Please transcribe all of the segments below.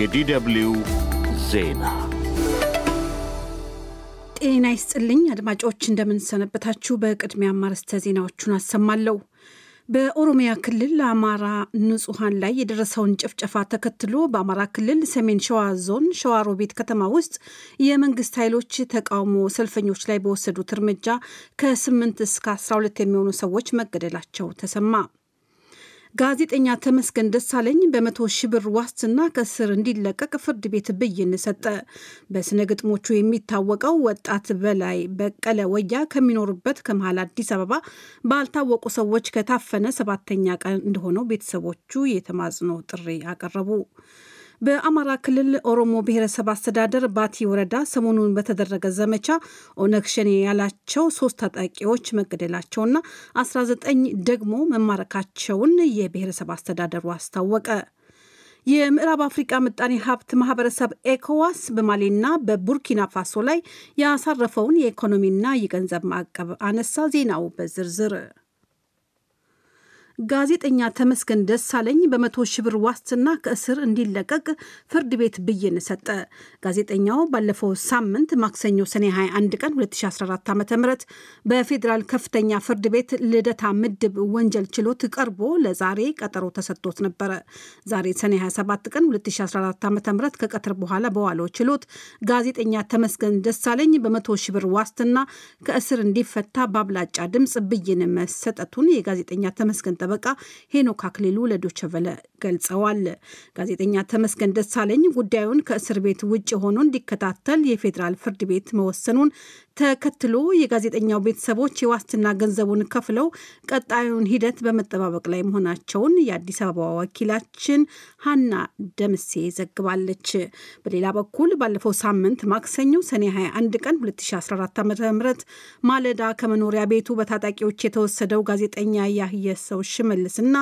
የዲደብሊው ዜና ጤና ይስጥልኝ አድማጮች፣ እንደምንሰነበታችሁ። በቅድሚያ አማርስተ ዜናዎቹን አሰማለሁ። በኦሮሚያ ክልል አማራ ንጹሐን ላይ የደረሰውን ጭፍጨፋ ተከትሎ በአማራ ክልል ሰሜን ሸዋ ዞን ቤት ከተማ ውስጥ የመንግስት ኃይሎች ተቃውሞ ሰልፈኞች ላይ በወሰዱት እርምጃ ከ8 እስከ 12 የሚሆኑ ሰዎች መገደላቸው ተሰማ። ጋዜጠኛ ተመስገን ደሳለኝ በመቶ ሺህ ብር ዋስትና ከእስር እንዲለቀቅ ፍርድ ቤት ብይን ሰጠ። በስነ ግጥሞቹ የሚታወቀው ወጣት በላይ በቀለ ወያ ከሚኖሩበት ከመሀል አዲስ አበባ ባልታወቁ ሰዎች ከታፈነ ሰባተኛ ቀን እንደሆነው ቤተሰቦቹ የተማጽኖ ጥሪ አቀረቡ። በአማራ ክልል ኦሮሞ ብሔረሰብ አስተዳደር ባቲ ወረዳ ሰሞኑን በተደረገ ዘመቻ ኦነግ ሸኔ ያላቸው ሶስት ታጣቂዎች መገደላቸውና 19 ደግሞ መማረካቸውን የብሔረሰብ አስተዳደሩ አስታወቀ። የምዕራብ አፍሪቃ ምጣኔ ሀብት ማህበረሰብ ኤኮዋስ በማሌና በቡርኪና ፋሶ ላይ ያሳረፈውን የኢኮኖሚና የገንዘብ ማዕቀብ አነሳ። ዜናው በዝርዝር ጋዜጠኛ ተመስገን ደሳለኝ በመቶ ሺህ ብር ዋስትና ከእስር እንዲለቀቅ ፍርድ ቤት ብይን ሰጠ። ጋዜጠኛው ባለፈው ሳምንት ማክሰኞ ሰኔ 21 ቀን 2014 ዓ ም በፌዴራል ከፍተኛ ፍርድ ቤት ልደታ ምድብ ወንጀል ችሎት ቀርቦ ለዛሬ ቀጠሮ ተሰጥቶት ነበረ። ዛሬ ሰኔ 27 ቀን 2014 ዓ ም ከቀትር በኋላ በዋለው ችሎት ጋዜጠኛ ተመስገን ደሳለኝ በመቶ ሺህ ብር ዋስትና ከእስር እንዲፈታ በአብላጫ ድምፅ ብይን መሰጠቱን የጋዜጠኛ ተመስገን ጠበቃ ሄኖክ አክሊሉ ለዶቸቨለ ገልጸዋል። ጋዜጠኛ ተመስገን ደሳለኝ ጉዳዩን ከእስር ቤት ውጭ ሆኖ እንዲከታተል የፌዴራል ፍርድ ቤት መወሰኑን ተከትሎ የጋዜጠኛው ቤተሰቦች የዋስትና ገንዘቡን ከፍለው ቀጣዩን ሂደት በመጠባበቅ ላይ መሆናቸውን የአዲስ አበባ ወኪላችን ሀና ደምሴ ዘግባለች። በሌላ በኩል ባለፈው ሳምንት ማክሰኞ ሰኔ 21 ቀን 2014 ም ማለዳ ከመኖሪያ ቤቱ በታጣቂዎች የተወሰደው ጋዜጠኛ ያህየሰው ሽመልስና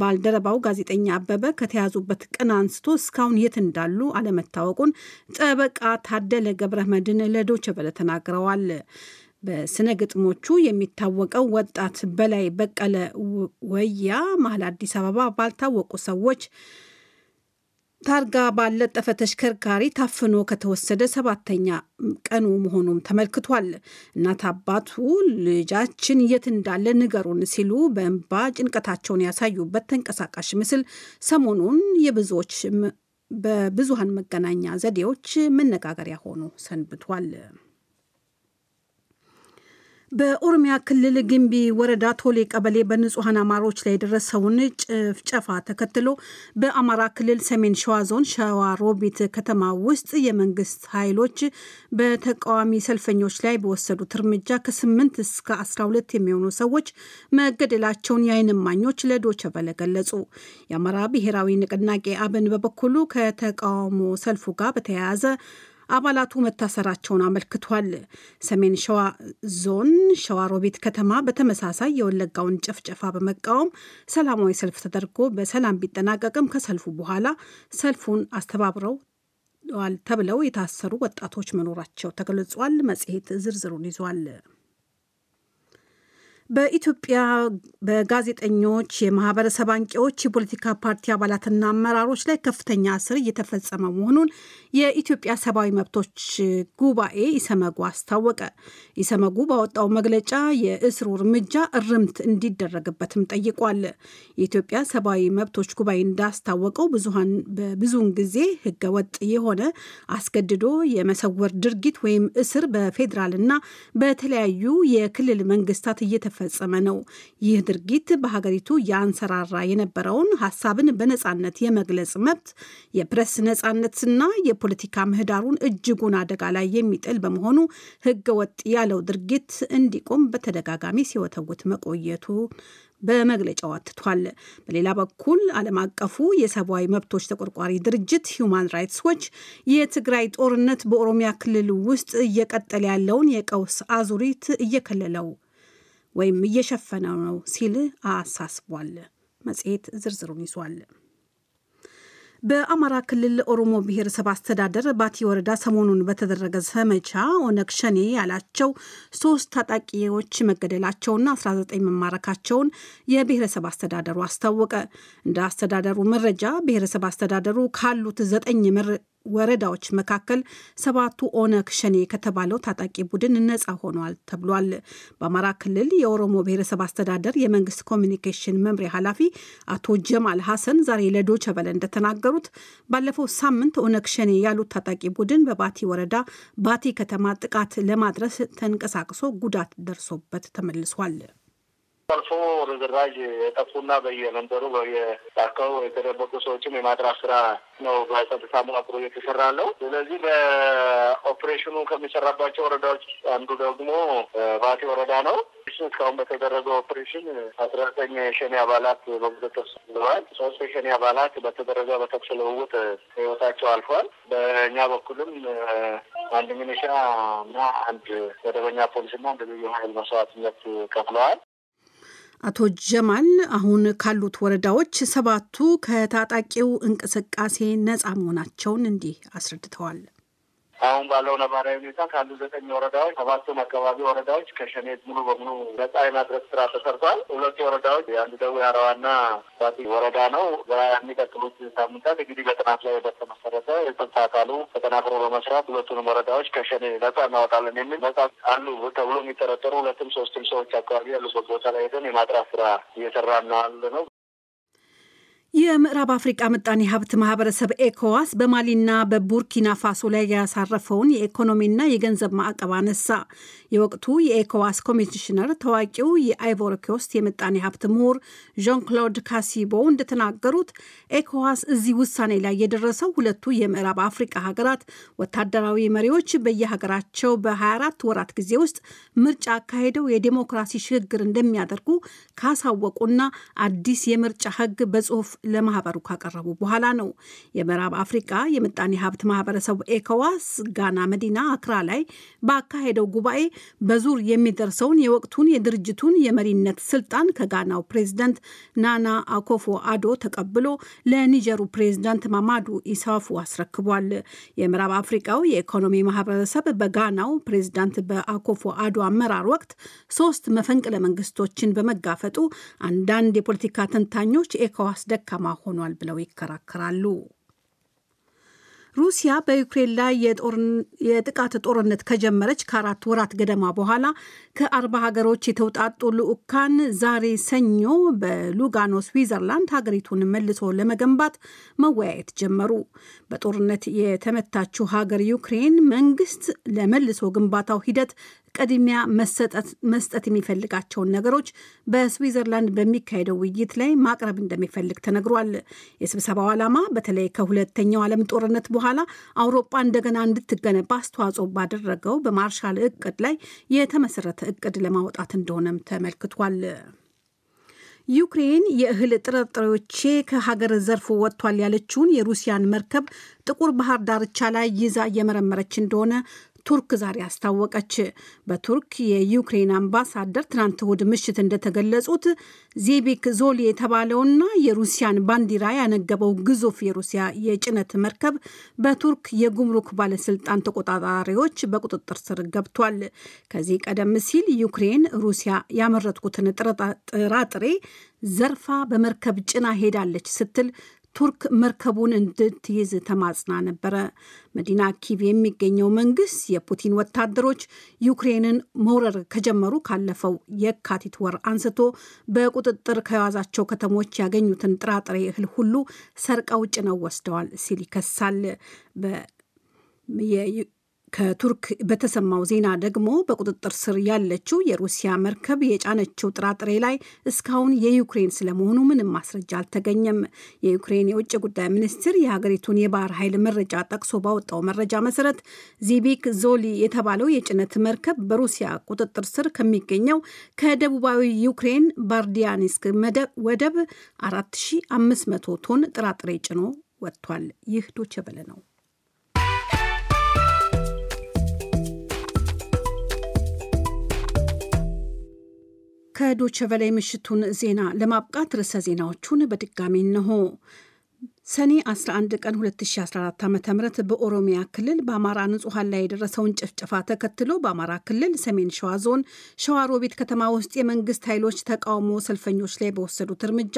ባልደረባው ጋዜጠኛ አበበ ከተያዙበት ቀን አንስቶ እስካሁን የት እንዳሉ አለመታወቁን ጠበቃ ታደለ ገብረ መድን ለዶይቼ ተናግረዋል። በስነ ግጥሞቹ የሚታወቀው ወጣት በላይ በቀለ ወያ መሀል አዲስ አበባ ባልታወቁ ሰዎች ታርጋ ባለጠፈ ተሽከርካሪ ታፍኖ ከተወሰደ ሰባተኛ ቀኑ መሆኑም ተመልክቷል። እናት አባቱ ልጃችን የት እንዳለ ንገሩን ሲሉ በእንባ ጭንቀታቸውን ያሳዩበት ተንቀሳቃሽ ምስል ሰሞኑን የብዙዎች በብዙሃን መገናኛ ዘዴዎች መነጋገሪያ ሆኖ ሰንብቷል። በኦሮሚያ ክልል ግንቢ ወረዳ ቶሌ ቀበሌ በንጹሐን አማሮች ላይ የደረሰውን ጭፍጨፋ ተከትሎ በአማራ ክልል ሰሜን ሸዋ ዞን ሸዋ ሮቢት ከተማ ውስጥ የመንግስት ኃይሎች በተቃዋሚ ሰልፈኞች ላይ በወሰዱት እርምጃ ከ8 እስከ 12 የሚሆኑ ሰዎች መገደላቸውን የዓይን እማኞች ገለጹ። የአማራ ብሔራዊ ንቅናቄ አብን በበኩሉ ከተቃውሞ ሰልፉ ጋር በተያያዘ አባላቱ መታሰራቸውን አመልክቷል። ሰሜን ሸዋ ዞን ሸዋሮቢት ከተማ በተመሳሳይ የወለጋውን ጭፍጨፋ በመቃወም ሰላማዊ ሰልፍ ተደርጎ በሰላም ቢጠናቀቅም ከሰልፉ በኋላ ሰልፉን አስተባብረው ተብለው የታሰሩ ወጣቶች መኖራቸው ተገልጿል። መጽሔት ዝርዝሩን ይዟል። በኢትዮጵያ በጋዜጠኞች፣ የማህበረሰብ አንቂዎች፣ የፖለቲካ ፓርቲ አባላትና አመራሮች ላይ ከፍተኛ እስር እየተፈጸመ መሆኑን የኢትዮጵያ ሰብአዊ መብቶች ጉባኤ ኢሰመጉ አስታወቀ። ኢሰመጉ ባወጣው መግለጫ የእስሩ እርምጃ እርምት እንዲደረግበትም ጠይቋል። የኢትዮጵያ ሰብአዊ መብቶች ጉባኤ እንዳስታወቀው በብዙውን ጊዜ ህገወጥ የሆነ አስገድዶ የመሰወር ድርጊት ወይም እስር በፌዴራልና በተለያዩ የክልል መንግስታት እየተፈ እየተፈጸመ ነው። ይህ ድርጊት በሀገሪቱ የአንሰራራ የነበረውን ሀሳብን በነፃነት የመግለጽ መብት፣ የፕሬስ ነፃነትና የፖለቲካ ምህዳሩን እጅጉን አደጋ ላይ የሚጥል በመሆኑ ህገ ወጥ ያለው ድርጊት እንዲቆም በተደጋጋሚ ሲወተውት መቆየቱ በመግለጫው አትቷል። በሌላ በኩል ዓለም አቀፉ የሰብአዊ መብቶች ተቆርቋሪ ድርጅት ሂዩማን ራይትስ ዎች የትግራይ ጦርነት በኦሮሚያ ክልል ውስጥ እየቀጠለ ያለውን የቀውስ አዙሪት እየከለለው ወይም እየሸፈነው ነው ሲል አሳስቧል። መጽሔት ዝርዝሩን ይዟል። በአማራ ክልል ኦሮሞ ብሔረሰብ አስተዳደር ባቲ ወረዳ ሰሞኑን በተደረገ ዘመቻ ኦነግ ሸኔ ያላቸው ሶስት ታጣቂዎች መገደላቸውና 19 መማረካቸውን የብሔረሰብ አስተዳደሩ አስታወቀ። እንደ አስተዳደሩ መረጃ ብሔረሰብ አስተዳደሩ ካሉት ዘጠኝ ወረዳዎች መካከል ሰባቱ ኦነግ ሸኔ ከተባለው ታጣቂ ቡድን ነጻ ሆኗል ተብሏል። በአማራ ክልል የኦሮሞ ብሔረሰብ አስተዳደር የመንግስት ኮሚኒኬሽን መምሪያ ኃላፊ አቶ ጀማል ሐሰን ዛሬ ለዶቸበለ እንደተናገሩት ባለፈው ሳምንት ኦነግ ሸኔ ያሉት ታጣቂ ቡድን በባቲ ወረዳ ባቲ ከተማ ጥቃት ለማድረስ ተንቀሳቅሶ ጉዳት ደርሶበት ተመልሷል። አልፎ ርዝራዥ የጠፉና በየመንበሩ በየጫካው የተደበቁ ሰዎችም የማጥራት ስራ ነው በጸጥታ መዋቅሮ እየተሰራ ያለው። ስለዚህ በኦፕሬሽኑ ከሚሰራባቸው ወረዳዎች አንዱ ደግሞ ባቴ ወረዳ ነው። እስካሁን በተደረገው ኦፕሬሽን አስራ ዘጠኝ የሸኔ አባላት በቁጥጥር ስር ውለዋል። ሶስት የሸኔ አባላት በተደረገ በተኩስ ልውውጥ ህይወታቸው አልፏል። በእኛ በኩልም አንድ ሚኒሻ እና አንድ መደበኛ ፖሊስና አንድ ልዩ ኃይል መስዋዕትነት ከፍለዋል። አቶ ጀማል አሁን ካሉት ወረዳዎች ሰባቱ ከታጣቂው እንቅስቃሴ ነፃ መሆናቸውን እንዲህ አስረድተዋል። አሁን ባለው ነባራዊ ሁኔታ ካሉ ዘጠኝ ወረዳዎች ሰባቱም አካባቢ ወረዳዎች ከሸኔ ሙሉ በሙሉ ነጻ የማድረግ ስራ ተሰርቷል። ሁለቱ ወረዳዎች የአንዱ ደዌ አረዋና ባቲ ወረዳ ነው። የሚቀጥሉት ሳምንታት እንግዲህ በጥናት ላይ በተመሰረተ የጸጥታ አካሉ ተጠናክሮ በመስራት ሁለቱንም ወረዳዎች ከሸኔ ነጻ እናወጣለን የሚል ነጻ አሉ ተብሎ የሚጠረጠሩ ሁለትም ሶስትም ሰዎች አካባቢ ያሉበት ቦታ ላይ ሄደን የማጥራት ስራ እየሰራ ነው ነው። የምዕራብ አፍሪቃ ምጣኔ ሀብት ማህበረሰብ ኤኮዋስ በማሊና በቡርኪና ፋሶ ላይ ያሳረፈውን የኢኮኖሚና የገንዘብ ማዕቀብ አነሳ። የወቅቱ የኤኮዋስ ኮሚሽነር ታዋቂው የአይቮሪኮስት የምጣኔ ሀብት ምሁር ዣን ክሎድ ካሲቦ እንደተናገሩት ኤኮዋስ እዚህ ውሳኔ ላይ የደረሰው ሁለቱ የምዕራብ አፍሪቃ ሀገራት ወታደራዊ መሪዎች በየሀገራቸው በ24 ወራት ጊዜ ውስጥ ምርጫ አካሄደው የዴሞክራሲ ሽግግር እንደሚያደርጉ ካሳወቁና አዲስ የምርጫ ህግ በጽሁፍ ለማህበሩ ካቀረቡ በኋላ ነው። የምዕራብ አፍሪቃ የምጣኔ ሀብት ማህበረሰቡ ኤኮዋስ ጋና መዲና አክራ ላይ ባካሄደው ጉባኤ በዙር የሚደርሰውን የወቅቱን የድርጅቱን የመሪነት ስልጣን ከጋናው ፕሬዚደንት ናና አኮፎ አዶ ተቀብሎ ለኒጀሩ ፕሬዝዳንት ማማዱ ኢሳፉ አስረክቧል። የምዕራብ አፍሪቃው የኢኮኖሚ ማህበረሰብ በጋናው ፕሬዝዳንት በአኮፎ አዶ አመራር ወቅት ሶስት መፈንቅለ መንግስቶችን በመጋፈጡ አንዳንድ የፖለቲካ ተንታኞች ኤኮዋስ ደካ ደካማ ሆኗል ብለው ይከራከራሉ። ሩሲያ በዩክሬን ላይ የጥቃት ጦርነት ከጀመረች ከአራት ወራት ገደማ በኋላ ከአርባ ሀገሮች የተውጣጡ ልዑካን ዛሬ ሰኞ በሉጋኖ ስዊዘርላንድ ሀገሪቱን መልሶ ለመገንባት መወያየት ጀመሩ። በጦርነት የተመታችው ሀገር ዩክሬን መንግስት ለመልሶ ግንባታው ሂደት ቅድሚያ መስጠት የሚፈልጋቸውን ነገሮች በስዊዘርላንድ በሚካሄደው ውይይት ላይ ማቅረብ እንደሚፈልግ ተነግሯል። የስብሰባው ዓላማ በተለይ ከሁለተኛው ዓለም ጦርነት በኋላ አውሮፓ እንደገና እንድትገነባ አስተዋጽኦ ባደረገው በማርሻል እቅድ ላይ የተመሰረተ እቅድ ለማውጣት እንደሆነም ተመልክቷል። ዩክሬን የእህል ጥራጥሬዎቼ ከሀገር ዘርፎ ወጥቷል ያለችውን የሩሲያን መርከብ ጥቁር ባህር ዳርቻ ላይ ይዛ እየመረመረች እንደሆነ ቱርክ ዛሬ አስታወቀች። በቱርክ የዩክሬን አምባሳደር ትናንት እሁድ ምሽት እንደተገለጹት ዜቤክ ዞል የተባለውና የሩሲያን ባንዲራ ያነገበው ግዙፍ የሩሲያ የጭነት መርከብ በቱርክ የጉምሩክ ባለስልጣን ተቆጣጣሪዎች በቁጥጥር ስር ገብቷል። ከዚህ ቀደም ሲል ዩክሬን ሩሲያ ያመረትኩትን ጥራጥሬ ዘርፋ በመርከብ ጭና ሄዳለች ስትል ቱርክ መርከቡን እንድትይዝ ተማጽና ነበረ። መዲና ኪቭ የሚገኘው መንግስት የፑቲን ወታደሮች ዩክሬንን መውረር ከጀመሩ ካለፈው የካቲት ወር አንስቶ በቁጥጥር ከያዛቸው ከተሞች ያገኙትን ጥራጥሬ እህል ሁሉ ሰርቀው ጭነው ወስደዋል ሲል ይከሳል። ከቱርክ በተሰማው ዜና ደግሞ በቁጥጥር ስር ያለችው የሩሲያ መርከብ የጫነችው ጥራጥሬ ላይ እስካሁን የዩክሬን ስለመሆኑ ምንም ማስረጃ አልተገኘም። የዩክሬን የውጭ ጉዳይ ሚኒስትር የሀገሪቱን የባህር ኃይል መረጃ ጠቅሶ ባወጣው መረጃ መሰረት ዚቢክ ዞሊ የተባለው የጭነት መርከብ በሩሲያ ቁጥጥር ስር ከሚገኘው ከደቡባዊ ዩክሬን ባርዲያኒስክ ወደብ 4500 ቶን ጥራጥሬ ጭኖ ወጥቷል። ይህ ዶቸ በለ ነው። ከዶቸ በላይ ምሽቱን ዜና ለማብቃት ርዕሰ ዜናዎቹን በድጋሚ እንሆ። ሰኔ 11 ቀን 2014 ዓ ም በኦሮሚያ ክልል በአማራ ንጹሐን ላይ የደረሰውን ጭፍጨፋ ተከትሎ በአማራ ክልል ሰሜን ሸዋ ዞን ሸዋሮቢት ከተማ ውስጥ የመንግስት ኃይሎች ተቃውሞ ሰልፈኞች ላይ በወሰዱት እርምጃ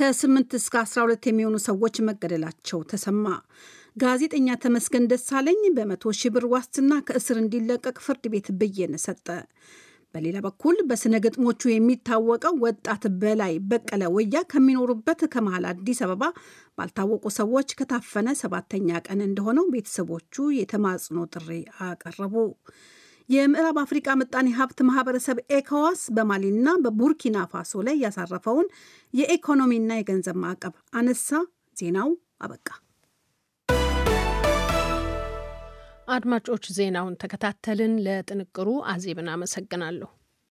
ከ8 እስከ 12 የሚሆኑ ሰዎች መገደላቸው ተሰማ። ጋዜጠኛ ተመስገን ደሳለኝ በመቶ ሺህ ብር ዋስትና ከእስር እንዲለቀቅ ፍርድ ቤት ብይን ሰጠ። በሌላ በኩል በስነ ግጥሞቹ የሚታወቀው ወጣት በላይ በቀለ ወያ ከሚኖሩበት ከመሃል አዲስ አበባ ባልታወቁ ሰዎች ከታፈነ ሰባተኛ ቀን እንደሆነው ቤተሰቦቹ የተማጽኖ ጥሪ አቀረቡ። የምዕራብ አፍሪቃ ምጣኔ ሀብት ማህበረሰብ ኤኮዋስ በማሊና በቡርኪና ፋሶ ላይ ያሳረፈውን የኢኮኖሚና የገንዘብ ማዕቀብ አነሳ። ዜናው አበቃ። አድማጮች ዜናውን ተከታተልን። ለጥንቅሩ አዜብን አመሰግናለሁ።